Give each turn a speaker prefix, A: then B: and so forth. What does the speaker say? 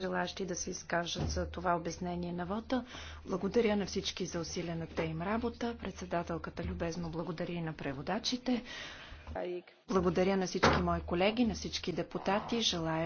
A: желащи да се изкажат за това обяснение на вота. Благодаря на всички за усилената им работа. Председателката любезно благодари и на преводачите. Благодаря на всички мои колеги, на всички депутати. Желая